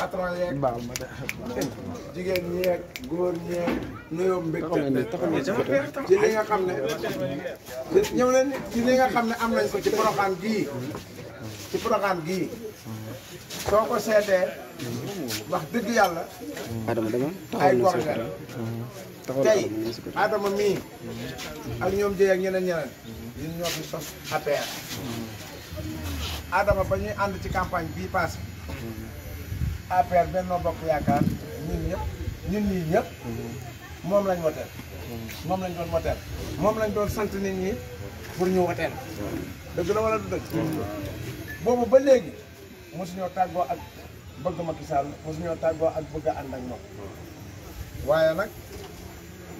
patron yeeg mbaal ma def jigéen ñeeg góor ñeeg nuyoo mbégte ne ñëw leen ci li nga xam ne am nañ ko ci programme gii ci programme gii soo ko wax dëgg yàlla ay ak ak ñeneen ñeneen ñoo fi sos ba ñuy ci campagne passé APR Benno Bokk Yaakaar ñun ñëpp nit ñi ñëpp moom lañ woteel moom lañ doon woteel moom lañ doon sant nit ñi pour ñu woteel dëgg la dëgg boobu ba léegi mosuñoo tàggoo ak bëgg Macky Sall mosuñoo tàggoo ak bëgg a ànd ak moom waaye nag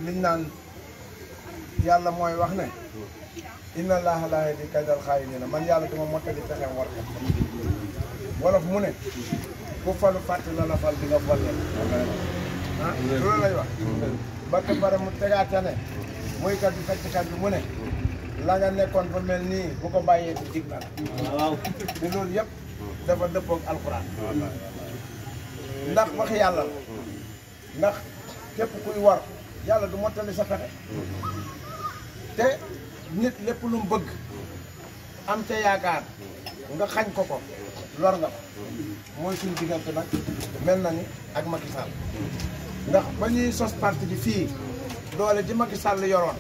liñ naan yàlla mooy wax ne inna laaha laa yahdi kaydal xaa'iniin man yàlla dama mottali pexeem war wolof mu ne ku falu fàtte la la fal di nga ah, wax ba te pare mu tegaate ne muykat bi mu ne nga nekkoon fa mel nii bu ko bàyyee di dig na la ndax wax yàlla ndax képp kuy war yàlla du mottali sa pexe te nit lépp lu bëgg am ca yaakaar nga xañ ko ko lor na ko mooy suñu diggante nag mel na ni ak Macky Sall ndax ba ñuy sos parti bi fii doole ji Macky Sall yoroon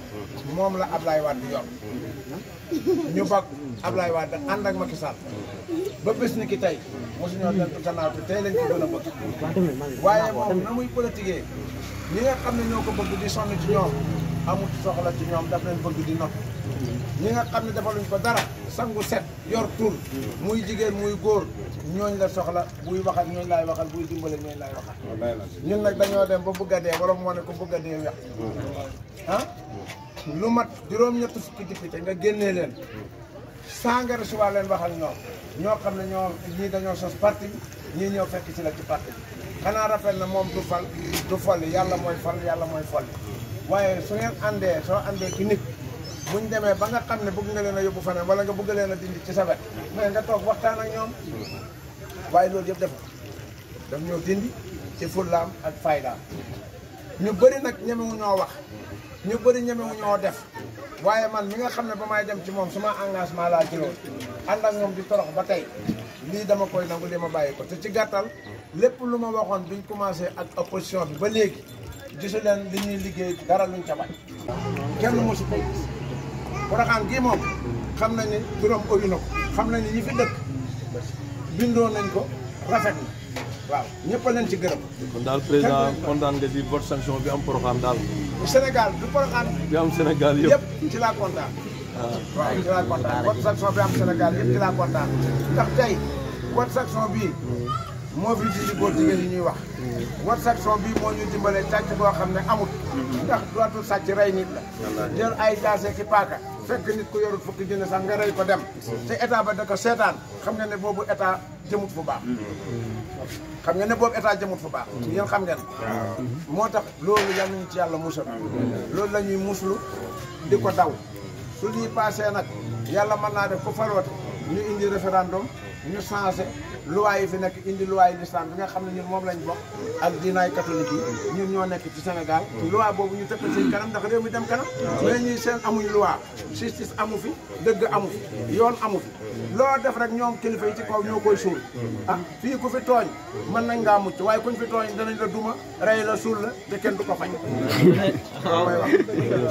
moom la Ablaye Wade yor ñu bokk Ablaye Wade ànd ak Macky Sall ba bés ni ki tey mosuñoo dent gannaaw bi tey lañ ko gën a bëgg waaye moom na muy politiquee ñi nga xam ne ñoo ko bëgg di sonn ci ñoom amul soxla ci ñoom daf leen bëgg di noppi ñi nga xam ne defaluñ ko dara sangu set yor tour muy jigen muy gor ñoñ la soxla buy waxal ñoñ lay waxal buy dimbalé ñoñ lay waxal ñun nak dañoo dem ba bëgg dé dee mo ne ko bëgg dé wax wex ah? lu mat juróom-ñett fukki député nga génné len sans nga recevoir waxal ñoo ñoo xam ñoo ñi dañoo sos parti ñi ñoo fekk ci la ci parti xana xanaa rappel na mom du fal du fal yalla moy fal yalla moy fal waye su ngeen àndee so àndee ki nit buñ demee ba nga xam ne bëgg nga leen a yóbbu fanaan wala nga bëgg leen a dindi ci sa wet mais nga toog waxtaan ak ñoom waaye loolu yëpp def daf ñoo dindi ci fullaam ak faydaam ñu bëri nag ñemewu ñoo wax ñu bëri ñemewu ñoo def waaye man mi nga xam ne ba may dem ci moom suma engagement laa jëloon ànd ak di torox ba tey lii dama koy nangu li ma bàyyi ko te ci gàttal lépp lu ma waxoon duñ commencé ak opposition bi ba léegi gisu leen li ñuy liggéey dara luñ ca bañ Porokhane gii moom xam nañ ne borom na xam nañ ne ñi fi dëkk bindoo nañ ko rafet na waaw ñëpp a ci gërëm. kon daal président kontaan nga ci vote sanction bi am Porokhane daal. Sénégal du Porokhane. bi am Sénégal yëpp ci laa kontaan. waaw ci laa sanction bi am mobilité góor jigéen yi ñuy wax. Mm-hmm. Watsakson bii moo ñu dimbalee sàcc boo xam ne amut. Mm-hmm. ndax dootul sàcc rey nit la. jël ay jaase ki paaka. fekk nit ku yorut fukki junne sax nga rey ko dem. Mm-hmm. te état ba da seetaan xam nga ne boobu état jëmut fu baax. xam nga ne boobu état jëmut fu baax. yéen xam ngeen. moo tax loolu yal nañu ci yàlla musal. loolu lañuy ñuy muslu di ko daw. su ñuy paasee nag yàlla mën naa def ku faroote. ñu indi référendum ñu changé loi yi fi nekk indi loi yi l'islam bi nga xam ne ñun moom lañ bokk ak diinaay catholique yi ñun ñoo nekk ci Sénégal loi boobu ñu tëkkal seen kanam ndax réew mi dem kanam mais ñuy seen amuñ loi justice amu fi dëgg amu fi yoon amu fi loo def rek ñoom kilifa yi ci kaw ñoo koy suul ah fii ku fi tooñ mën nañ ngaa mucc waaye kuñ fi tooñ danañ la duma rey la suul la te kenn du ko fañ